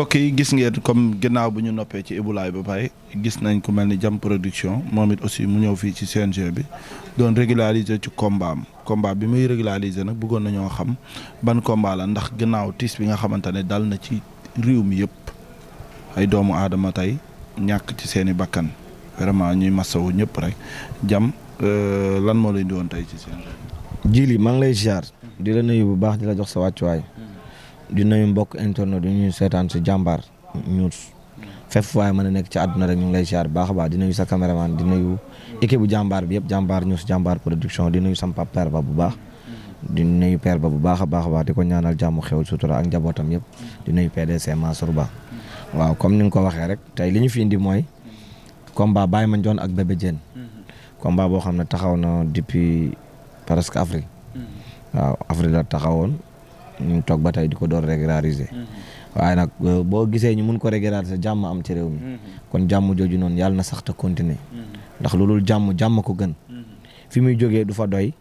mbokk yi gis ngeen comme ginnaaw bu ñu noppee ci ibulaay ba pare gis nañ ko mel ni jam production moom it aussi mu ñëw fii ci seen CNG bi doon régulariser ci combat am bi muy réglalisé nag bëggoon nañoo xam ban combat la ndax ginnaaw tiis bi nga xamante ne dal na ci réew mi yëpp ay doomu aadama tey ñàkk ci seeni bakkan vraiment ñuy masawu ñëpp rek jam euh, lan moo lay di woon tey ci CNG. jili maa ngi lay ziar. di la nuyu bu baax di la jox sa wàccuwaay. Hmm. di nuyu mbokk internet yi ñuy seetaan si jàmbaar news fépp waaye mën a nekk ci àdduna rek ñu ngi lay siyaar bu baax a baax di nuyu sa caméraman di nuyu équipe bu jàmbaar bi yëpp jàmbaar si jàmbaar production di nuyu sama papa ba bu baax. di nuyu per ba bu baax a baax a di ko ñaanal jàmm xew sutura ak njabootam yëpp di nuyu PDC Mansour Ba waaw comme ni nga ko waxee rek tey li ñu fi ndi mooy. combat ma Mandione ak Bébé Diène. combat boo xam ne taxaw na depuis presque avril. Mm-hmm. waaw avril la taxawoon. ñu tok batay diko di door régulariser mhm. waye nak euh, bo gisé ñu mën ko régulariser jamm am ci réew mi mhm. kon jamm joju non yalla na sax ta continuer mhm. ndax lulul jamm jamm ko gën fi muy jógee du fa doy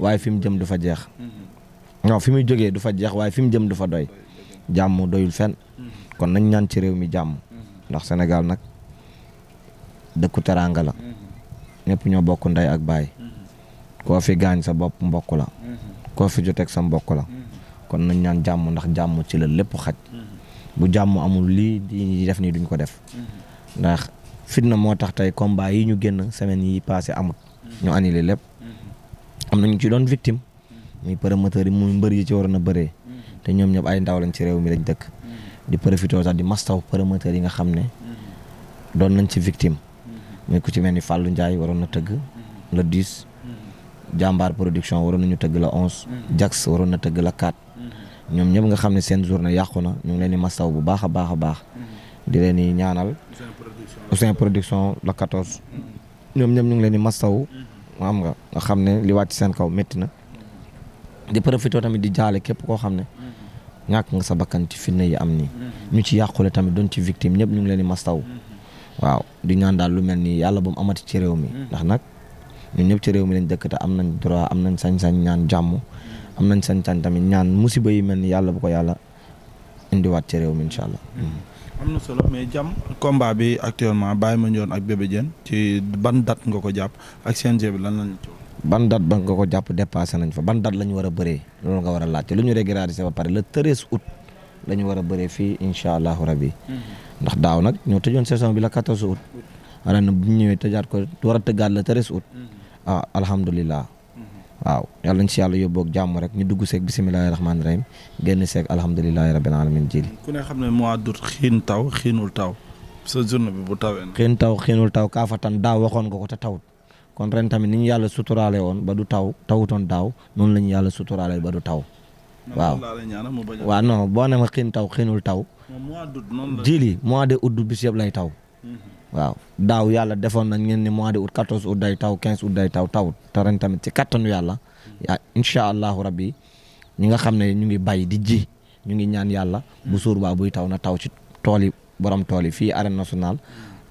waye fi mu jëm du fa jeex non fi muy du fa jeex waye fi mu jëm du fa doy jamm doyul fen kon nañ ñaan ci réew mi jamm ndax Sénégal nag dëkku teranga la ñëpp ñoo bokku nday ak bay ko fi gañ sa bop mbokku la ko fi jotek sa mbokku la kon nañ ñaan jàmm ndax jàmm ci la lépp xaj bu jàmm amul lii di def nii duñ ko def ndax fitna moo tax tey combat yi ñu génn semaine yi passé amut ñu annulé lépp am nañu ci doon victime muy promoteur yi muy mbër yi ci waroon na bëree te ñoom ñëpp ay ndaw lañ ci réew mi lañ dëkk di profité sax di mastaw promoteur yi nga xam ne doon nañ ci victime muy ku ci mel ni Fallou Ndiaye waroon na tëgg le 10 jàmbaar production waroon nañu tëgg la onze. Mm-hmm. Jax waroon na tëgg la quatre. Mm-hmm. ñoom ñëpp nga xam ne seen journée yàqu na ñu ngi leen di masaw bu baax a baax a baax. Mm-hmm. di leen di ñaanal. Ousseyn production la quatorze. ñoom ñëpp ñu ngi leen di masaw. xam nga nga xam ne li wàcc seen kaw métti na. di profité tamit di jaale képp koo xam ne. ñàkk nga sa bakkan ci fitna yi am nii. ñu ci yàqule tamit don ci victime ñëpp ñu ngi leen di masaw. waaw di ñaan daal lu mel nii yàlla bu amati ci réew mi ndax nag. ñun ñëpp ya hmm. ci réew mi lañ dëkk te am nañ droit am nañ sañ-sañ ñaan jàmm am nañ sañ-sañ tamit ñaan musiba yi mel ni yàlla bu ko yàlla waat ci réew mi incha allah. am na solo mais jam combat bi actuellement ma ñoon ak Bébé Diène ci ban date nga ko jàpp ak CNG bi lan lañ ci ban date ba nga ko jàpp dépassé nañ fa ban date la ñu war a bëree loolu nga war a laajte lu ñu régularisé ba pare le 13 août la ñu war a bëree fii incha allahu rabi hmm. ndax daaw nag ñoo tëjoon saison bi la 14 août ren bu ñu ñëwee tëjaat ko war a tëggaat le 13 août ah alhamdulilah. waaw yàlla nañ si yàlla yóbboog jàmm rek ñu dugg seeg bisimilahi rahmaani rahim genn seeg alhamdulilahi rabbil alamin jili ku ne mois d'août xiin taw xiinul taw sa journée bi bu tawee. xiin taw xiinul taw kaafatan daaw waxoon nga ko te tawut kon ren tamit ni ñu yàlla suturaale woon ba du taw tawutoon daaw noonu la ñu yàlla suturaale ba du taw. waaw waaw non boo ne ma xiin taw xiinul taw. mois d'août noonu la jili mois de août bis lay taw. Mm-hmm. waaw daaw yàlla defoon nañ ngeen ni mois de août 14 août day taw 15 août day taw tawut te ren tamit ci kattanu yàlla ya, incha allahu rabbi ñi nga xam ne ñu ngi bay di ji ñu ngi ñaan yàlla bu suur baa buy taw na taw ci tool yi borom tool yi fii arène nationale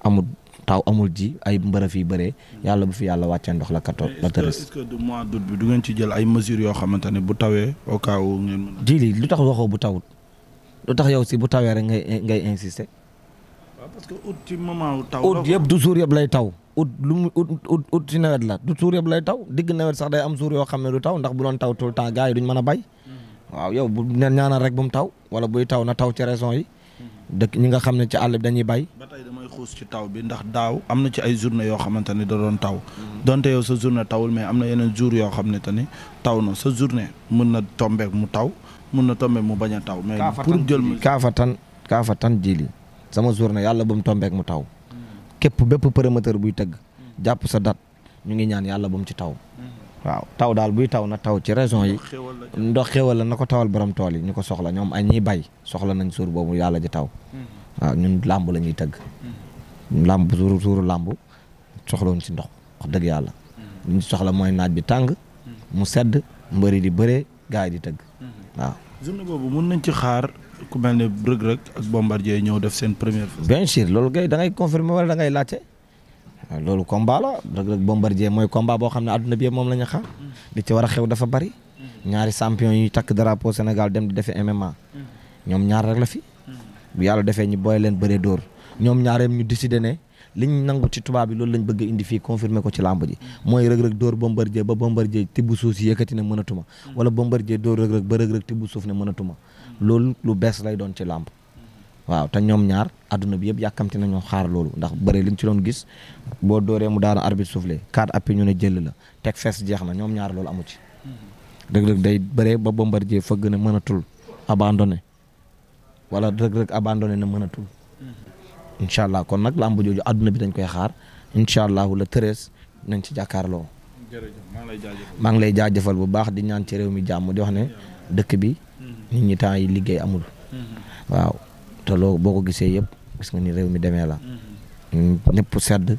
amul taw amul ji ay mbërë fii bëree yàlla bu fi yàlla wàccee ndox la kato la tërës est-ce que du mois d'août bi du ngeen ci jël ay mesures yoo xamante ne bu tawee au cas où ngeen mën ji li lu tax waxoo bu tawut lu tax yow si bu tawee rek ngay ngay insister parce que août ci moment taw. août yëpp du jour yëpp lay taw août lu mu août nawet la du jour yëpp lay taw digg nawet sax day am jour yoo xam ne du taw ndax bu doon taw tout le temps gars a bay. Hmm. waaw yow ñaanal rek bu mu taw wala buy taw na taw ci raison yi. Hmm. dëkk ñi xam ne ci àll bi dañuy bay. ba tey damay xuus ci taw bi ndax daaw am na ci ay journée yoo xamante ne da doon taw. Hmm. donte yow sa journée tawul mais am na yeneen jour yoo xam ne taw na sa journée mën na tombeek mu taw mën na tombeek mu bañ a taw. mais pour jël kaafatan kaafatan jili sama na yàlla bu mu tombeek mu taw képp bépp promoteur buy tëgg jàpp sa date ñu ngi ñaan yàlla bu mu ci taw waaw taw daal buy taw na taw ci raison yi ndox xéwal la na ko tawal borom tool ñu ko soxla ñoom ay ñiy bay soxla nañ suur boobu yàlla ji taw hmm. waaw ñun làmb la ñuy tëgg hmm. làmb suuru suuru làmb soxlawuñ si ndox wax dëgg yàlla hmm. li ñu soxla mooy naaj bi tàng mu sedd mbëri di bëree gars yi di tëgg journée boobu mën nañ ci xaar ku mel ne Reug Reug ak Bombardier ñëw def seen première phase. bien sûr loolu kay da ngay confirmer wala da ngay laajte ah, loolu combat la Reug Reug Bombardier mooy combat boo xam ne adduna bi yëpp moom la ñu xaar li ci war a xew dafa bari ñaari champion yi drapeau Sénégal dem di MMA ñoom ñaar rek la fi yàlla defee ñu booy leen bëree dóor ñoom ñaareem ñu décidé ne liñ nangou ci tuba bi lolou lañ bëgg indi fi confirmer ko ci lamb ji moy rëg-rëg door bombardier ba bombardier tibb suuf si yëkëti ne mënatuma wala bombardier door rëg-rëg ba rëg-rëg tibb suuf ne mënatuma lolou lu bess lay doon ci lamb waaw ta ñom ñaar aduna bi yëpp yakamti nañu xaar lolou ndax bëré liñ ci doon gis bo dooré mu daara arbitre soufflé Kat appi ñu ne jël la tek fess jeex na ñom ñaar lolou amu ci rëg-rëg day bëré ba bombardier fëgg ne mënatul abandonné wala rëg-rëg abandonné na mënatul incha allah kon nag làmb jooju àdduna bi dañ koy xaar incha allahu la treize nañ ci jàkkaarloo. jërëjëf maa ngi lay jaajëfal maa ngi lay jaajëfal bu baax di ñaan ci réew mi jàmm di wax ne dëkk bi. nit ñi temps yi liggéey amul. waaw te loo boo ko gisee yëpp gis nga ni réew mi demee la. ñëpp sedd.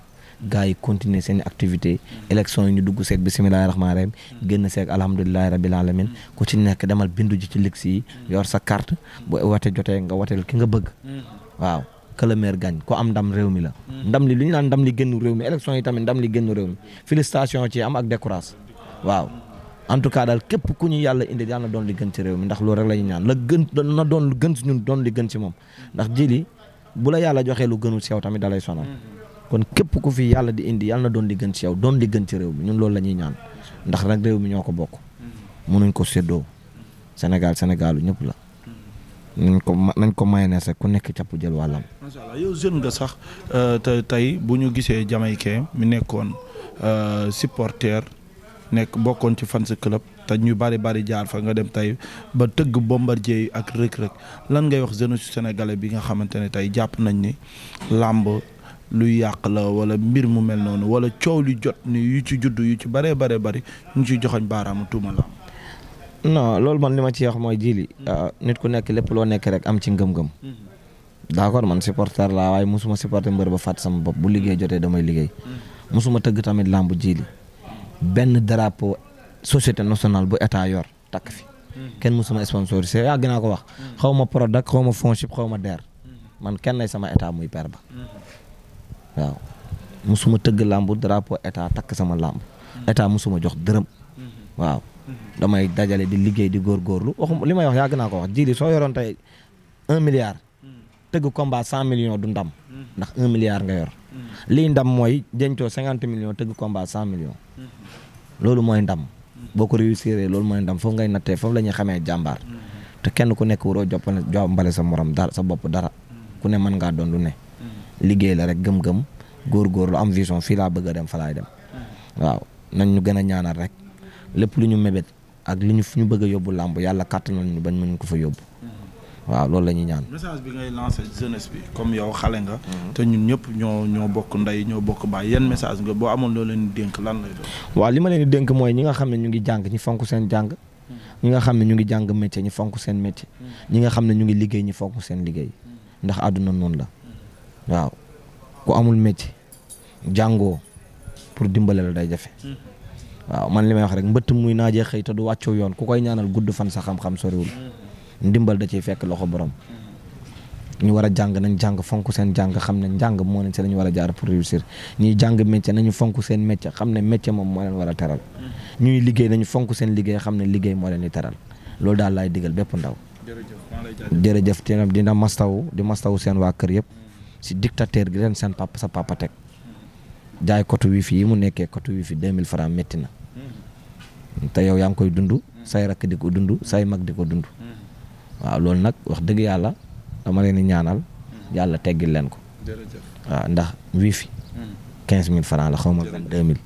gars yi continuer seen activité élection yi ñu dugg seeg bisimilahi rahmaani rahim génn seeg alhamdulilahi rabil alamin ku ci nekk demal bindu ji ci ligg si yor sa carte bu wate jotee nga wateel ki nga bëgg mm-hmm. que le maire gagne ko am ndam réew mi la. Hmm. ndam li lu ñu naan ndam li génn réew mi élection yi tamit ndam li génn réew mi félicitation ci am daal képp ku ñu yàlla indi yàlla na doon li gën ci réew mi ndax loolu rek la ñu ñaan la gën na doon lu gën ñun doon li gën ci moom ndax jili bu la yàlla joxee lu gënul ci yow tamit dalay sonal hmm. kon képp ku fi yàlla di indi yàlla na doon li gën ci yow doon li gën ci réew mi ñun loolu la ñuy ñaan ndax nag réew mi ñoo ko bokk mënuñ hmm. ko séddoo Sénégal Sénégalu ñëpp la nañ ko nañ ko mayonnaise ku nekk capp jël wàllam macha allah yow jeune nga sax euh, te tey bu ñu gisee jamaïcain mu nekkoon euh, supporter nekk bokkoon ci fans club te ñu bari bari jaar fa nga dem tey ba tëgg bombardier ak rëg-rëg lan ngay wax jeune su sénégalais bi nga xamante ne tey jàpp nañ ni làmb luy yàq la wala mbir mu mel noonu wala coow li jot ni yu ci juddu yu ci baree baree bari ñu ngi ciy joxoñ baaraamu tuuma la non loolu man li ma ci wax mooy jili euh, nit ku nekk lépp loo nekk rek am ci ngëm-ngëm mm-hmm. d'accord man supporter laa waaye mosuma supporter mbër ba fàtt sama bopp bu liggéey jotee damay liggéey mosuma tëgg tamit làmb ji li benn drapeau société nationale bu état yor takk fi kenn mosuma sponsorisé yàgg naa ko wax xaw ma Prodac xaw ma Fonchip xaw ma DER man kenn lay sama état muy per ba waaw tëgg làmb drapeau takk sama làmb état mosuma jox dërëm waaw damay dajale di liggéey di góorgóorlu lu li may wax yàgg naa ko wax ji soo yoroon tey un milliard tëgg combat cent millions du ndam. Mm. ndax un milliard nga yor. Mm. lii ndam mooy jëncoo cinquante millions tëgg combat cent millions. loolu mooy ndam. Mm-hmm. boo ko réussir loolu mooy ndam foofu ngay nattee foofu la ñuy xamee jàmbaar. Mm-hmm. te kenn ku nekk waroo joppale jombale sa morom dara sa bopp dara. Mm-hmm. ku ne man ngaa doon ne. liggéey la rek gëm-gëm góor-góorlu am vision fii laa bëgg a dem fa laay dem. waaw ñu gën a ñaanal rek lépp lu ñu mébét ak li ñu fu ñu bëgg a yóbbu làmb yàlla kàttanal ñu bañ mën ko fa yóbbu. waaw loolu la ñuy ñaan message bi ngay lancer jeunesse bi comme yow xale nga te ñun ñëpp ñoo ñoo bokk ndey ñoo bokk baay yan message nga boo amoon loo leen di lan lay doon waaw li ma leen di dénk mooy ñi nga xam ñu ngi jàng ñi fonk seen jàng ñi nga xam ñu ngi jàng métier ñi fonk seen métier ñi nga ñu ngi liggéey ñi seen liggéey ndax la waaw ku amul métier jango, pour dimbale la day jafe waaw man li may wax rek mbëtt muy naajee xëy te du wàccoo yoon ku koy ñaanal gudd fan sa xam-xam soriwul ndimbal da ciy fekk loxo borom. ñu war a jàng nañ jàng fonk seen jàng xam ne njàng moo leen si la ñu war a jaar pour réussir ñuy jàng métier nañu fonk seen métier xam ne métier moom moo war a teral. ñuy liggéey nañu fonk seen liggéey xam ne liggéey moo leen teral loolu daal laay digal bépp ndaw. jërëjëf jërëjëf dina mastaw di mastaw seen waa kër yëpp. si dictateur gi leen seen papa sa papa teg. jaay wi fi mu nekkee kotu wi fi 2000 francs métti na. Hmm. te yow yaa ngi koy dund. say rakk di ko dund say mag di ko dund. waaw loolu nag wax dëgg yàlla dama leen di ñaanal. yàlla teggil leen ko. waaw ndax wifi. 15000 hmm. francs la xaw ma 22000.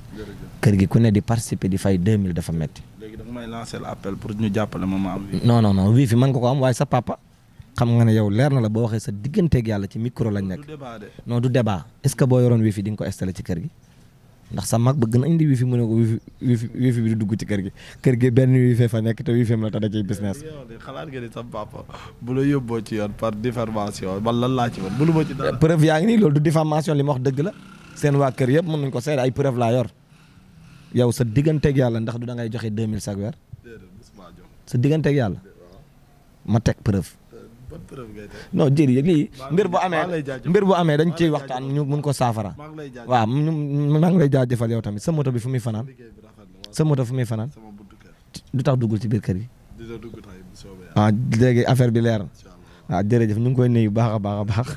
kër gi ku ne di participer di fay 2000 dafa metti léegi da nga may lancer l'appel pour ñu jàppale ma ma am. non non nga ko am waaye sa papa. xam nga ne yow leer na la boo waxee sa digganteeg yàlla ci micro lañ nekk. non du débat est-ce que boo yoroon wifi di nga ko installé ci kër gi. ndax sa mag bëgg na indi wifi mu ne ko wifi wifi bi di dugg ci kër gi kër gi benn wifi fa nekk te wifi am la te da ciy business. xalaat nga ni sa papa bu la yóbboo ci yoon par diffamation man lan laa ci woon mënu ma ci dara. yaa ngi nii loolu du diffamation li ma wax dëgg la seen waa kër yëpp mën nañu ko seede ay preuve laa yor yow sa digganteeg yàlla ndax du da ngay joxe 2000 chaque weer sa digganteeg yàlla ma teg preuve. non jërëjëf lii mbir bu amee mbir boo amee dañ ciy waxtaan ñu mun ko saafara waaw maa ngi lay jaajëfal yow tamit sa moto bi fu muy fanaan sa moto fu muy fanaan du tax duggul ci biir kër gi ah léegi affaire bi leer na ah, jërëjëf ñu ngi koy nuyu baax a baax a baax